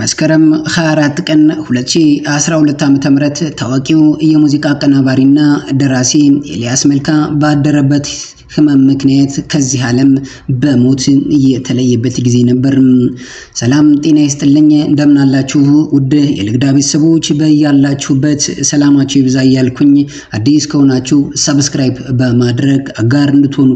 መስከረም 24 ቀን 2012 ዓ.ም ታዋቂው የሙዚቃ አቀናባሪና ደራሲ ኤልያስ መልካ ባደረበት ህመም ምክንያት ከዚህ ዓለም በሞት የተለየበት ጊዜ ነበር። ሰላም ጤና ይስጥልኝ፣ እንደምናላችሁ ውድ የልግዳ ቤተሰቦች በያላችሁበት ሰላማችሁ ይብዛ እያልኩኝ አዲስ ከሆናችሁ ሰብስክራይብ በማድረግ አጋር እንድትሆኑ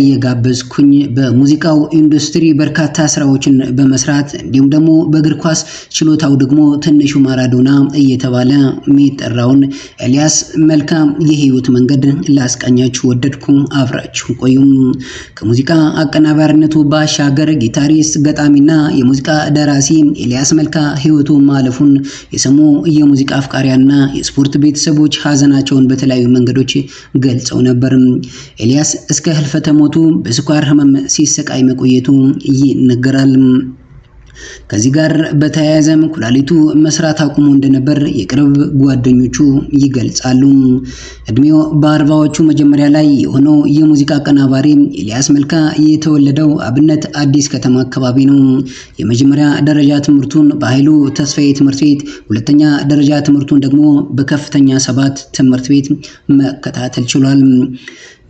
እየጋበዝኩኝ በሙዚቃው ኢንዱስትሪ በርካታ ስራዎችን በመስራት እንዲሁም ደግሞ በእግር ኳስ ችሎታው ደግሞ ትንሹ ማራዶና እየተባለ የሚጠራውን ኤልያስ መልካም የህይወት መንገድ ላስቃኛችሁ ወደድኩ። አብራችሁ አብራችሁን ቆዩም። ከሙዚቃ አቀናባሪነቱ ባሻገር ጊታሪስት፣ ገጣሚና የሙዚቃ ደራሲ ኤልያስ መልካ ህይወቱ ማለፉን የሰሙ የሙዚቃ አፍቃሪያና የስፖርት ቤተሰቦች ሀዘናቸውን በተለያዩ መንገዶች ገልጸው ነበር። ኤልያስ እስከ ህልፈተ ሞቱ በስኳር ህመም ሲሰቃይ መቆየቱ ይነገራል። ከዚህ ጋር በተያያዘም ኩላሊቱ መስራት አቁሞ እንደነበር የቅርብ ጓደኞቹ ይገልጻሉ። እድሜው በአርባዎቹ መጀመሪያ ላይ የሆነው የሙዚቃ አቀናባሪ ኤልያስ መልካ የተወለደው አብነት አዲስ ከተማ አካባቢ ነው። የመጀመሪያ ደረጃ ትምህርቱን በኃይሉ ተስፋዬ ትምህርት ቤት፣ ሁለተኛ ደረጃ ትምህርቱን ደግሞ በከፍተኛ ሰባት ትምህርት ቤት መከታተል ችሏል።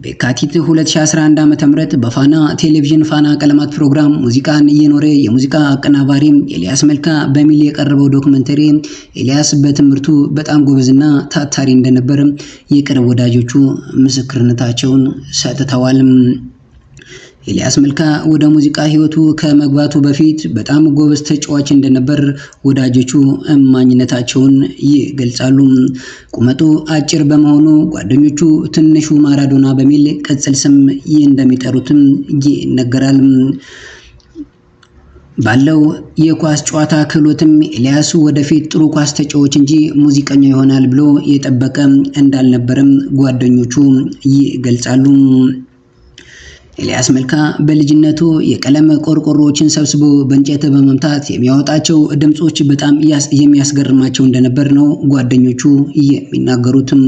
በካቲት 2011 ዓ.ም በፋና ቴሌቪዥን ፋና ቀለማት ፕሮግራም ሙዚቃን እየኖረ የሙዚቃ አቀና አቀናባሪ ኤልያስ መልካ በሚል የቀረበው ዶክመንተሪ ኤልያስ በትምህርቱ በጣም ጎበዝና ታታሪ እንደነበር የቅርብ ወዳጆቹ ምስክርነታቸውን ሰጥተዋል። ኤልያስ መልካ ወደ ሙዚቃ ህይወቱ ከመግባቱ በፊት በጣም ጎበዝ ተጫዋች እንደነበር ወዳጆቹ እማኝነታቸውን ይገልጻሉ። ቁመቱ አጭር በመሆኑ ጓደኞቹ ትንሹ ማራዶና በሚል ቅጽል ስም እንደሚጠሩትም ይነገራል። ባለው የኳስ ጨዋታ ክህሎትም ኤልያስ ወደፊት ጥሩ ኳስ ተጫዋች እንጂ ሙዚቀኛ ይሆናል ብሎ የጠበቀ እንዳልነበረም ጓደኞቹ ይገልጻሉ። ኤልያስ መልካ በልጅነቱ የቀለም ቆርቆሮዎችን ሰብስቦ በእንጨት በመምታት የሚያወጣቸው ድምፆች በጣም የሚያስገርማቸው እንደነበር ነው ጓደኞቹ የሚናገሩትም።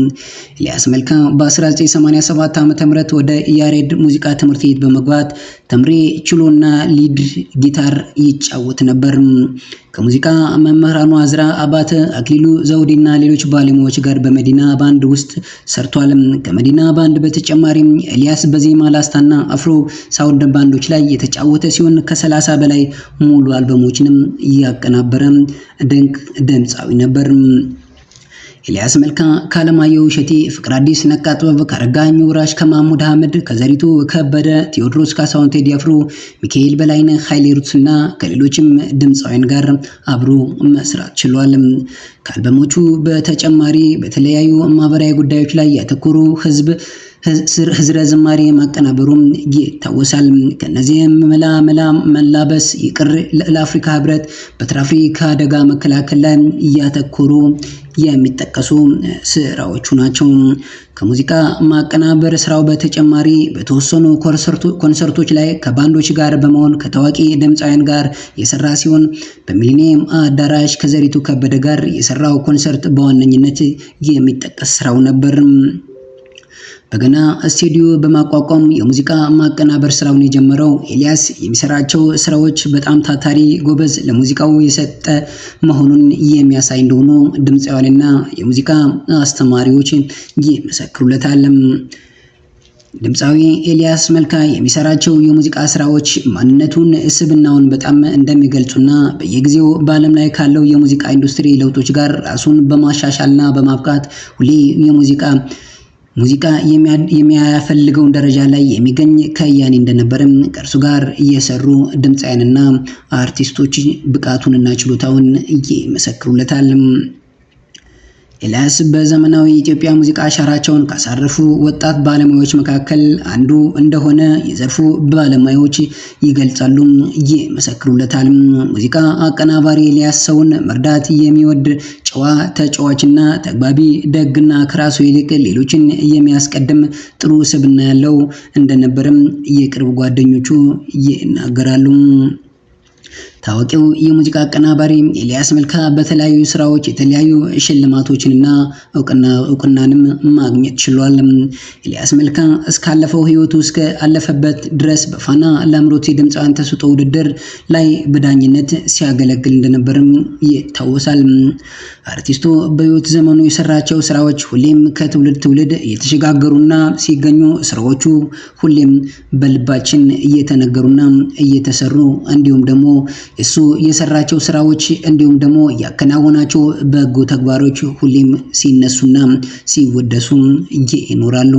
ኤልያስ መልካ በ1987 ዓ ም ወደ ያሬድ ሙዚቃ ትምህርት ቤት በመግባት ተምሬ ችሎና ሊድ ጊታር ይጫወት ነበር። ከሙዚቃ መምህራኑ አዝራ አባተ፣ አክሊሉ ዘውዴና ሌሎች ባለሙያዎች ጋር በመዲና ባንድ ውስጥ ሰርቷል። ከመዲና ባንድ በተጨማሪም ኤልያስ በዜማ ላስታና አፍሮ ሳውንድ ባንዶች ላይ የተጫወተ ሲሆን ከ ከሰላሳ በላይ ሙሉ አልበሞችንም እያቀናበረ ድንቅ ድምፃዊ ነበር። ኤልያስ መልካ ከአለማየሁ እሸቴ፣ ፍቅር አዲስ፣ ነቃ ጥበብ ከአረጋኝ ወራሽ፣ ከማሙድ አህመድ፣ ከዘሪቱ ከበደ፣ ቴዎድሮስ ካሳሁን፣ ቴዲ አፍሮ፣ ሚካኤል በላይነ ኃይሌ ሩትስና ከሌሎችም ድምፃውያን ጋር አብሮ መስራት ችሏል። ከአልበሞቹ በተጨማሪ በተለያዩ ማህበራዊ ጉዳዮች ላይ ያተኮሩ ህዝብ ህዝረ ዝማሬ ማቀናበሩም ይታወሳል። ከነዚህም መላ መላ መላበስ ይቅር ለአፍሪካ ህብረት በትራፊክ አደጋ መከላከል ላይ እያተኮሩ የሚጠቀሱ ስራዎቹ ናቸው። ከሙዚቃ ማቀናበር ስራው በተጨማሪ በተወሰኑ ኮንሰርቶች ላይ ከባንዶች ጋር በመሆን ከታዋቂ ድምፃውያን ጋር የሰራ ሲሆን በሚሊኒየም አዳራሽ ከዘሪቱ ከበደ ጋር የሰራው ኮንሰርት በዋነኝነት የሚጠቀስ ስራው ነበር። በገና ስቱዲዮ በማቋቋም የሙዚቃ ማቀናበር ስራውን የጀመረው ኤልያስ የሚሰራቸው ስራዎች በጣም ታታሪ ጎበዝ፣ ለሙዚቃው የሰጠ መሆኑን የሚያሳይ እንደሆኑ ድምፃውያንና የሙዚቃ አስተማሪዎች ይመሰክሩለታል። ድምፃዊ ኤልያስ መልካ የሚሰራቸው የሙዚቃ ስራዎች ማንነቱን፣ ስብናውን በጣም እንደሚገልጹና በየጊዜው በዓለም ላይ ካለው የሙዚቃ ኢንዱስትሪ ለውጦች ጋር ራሱን በማሻሻልና በማብቃት ሁሌ የሙዚቃ ሙዚቃ የሚያፈልገውን ደረጃ ላይ የሚገኝ ከያኔ እንደነበርም ከእርሱ ጋር እየሰሩ ድምፃውያንና አርቲስቶች ብቃቱንና ችሎታውን ይመሰክሩለታል። ኤልያስ በዘመናዊ ኢትዮጵያ ሙዚቃ አሻራቸውን ካሳረፉ ወጣት ባለሙያዎች መካከል አንዱ እንደሆነ የዘርፉ ባለሙያዎች ይገልጻሉ፣ ይመሰክሩለታል። ሙዚቃ አቀናባሪ ኤልያስ ሰውን መርዳት የሚወድ ጨዋ ተጫዋችና ተግባቢ፣ ደግና ከራሱ ይልቅ ሌሎችን የሚያስቀድም ጥሩ ስብና ያለው እንደነበረም የቅርብ ጓደኞቹ ይናገራሉ። ታዋቂው የሙዚቃ አቀናባሪ ኤልያስ መልካ በተለያዩ ስራዎች የተለያዩ ሽልማቶችንና እውቅናንም ማግኘት ችሏል። ኤልያስ መልካ እስካለፈው ህይወቱ እስከ አለፈበት ድረስ በፋና ላምሮት የድምፃውያን ተሰጥኦ ውድድር ላይ በዳኝነት ሲያገለግል እንደነበርም ይታወሳል። አርቲስቱ በህይወት ዘመኑ የሰራቸው ስራዎች ሁሌም ከትውልድ ትውልድ እየተሸጋገሩና ሲገኙ ስራዎቹ ሁሌም በልባችን እየተነገሩና እየተሰሩ እንዲሁም ደግሞ እሱ የሰራቸው ስራዎች እንዲሁም ደግሞ ያከናወናቸው በጎ ተግባሮች ሁሌም ሲነሱና ሲወደሱ ይኖራሉ።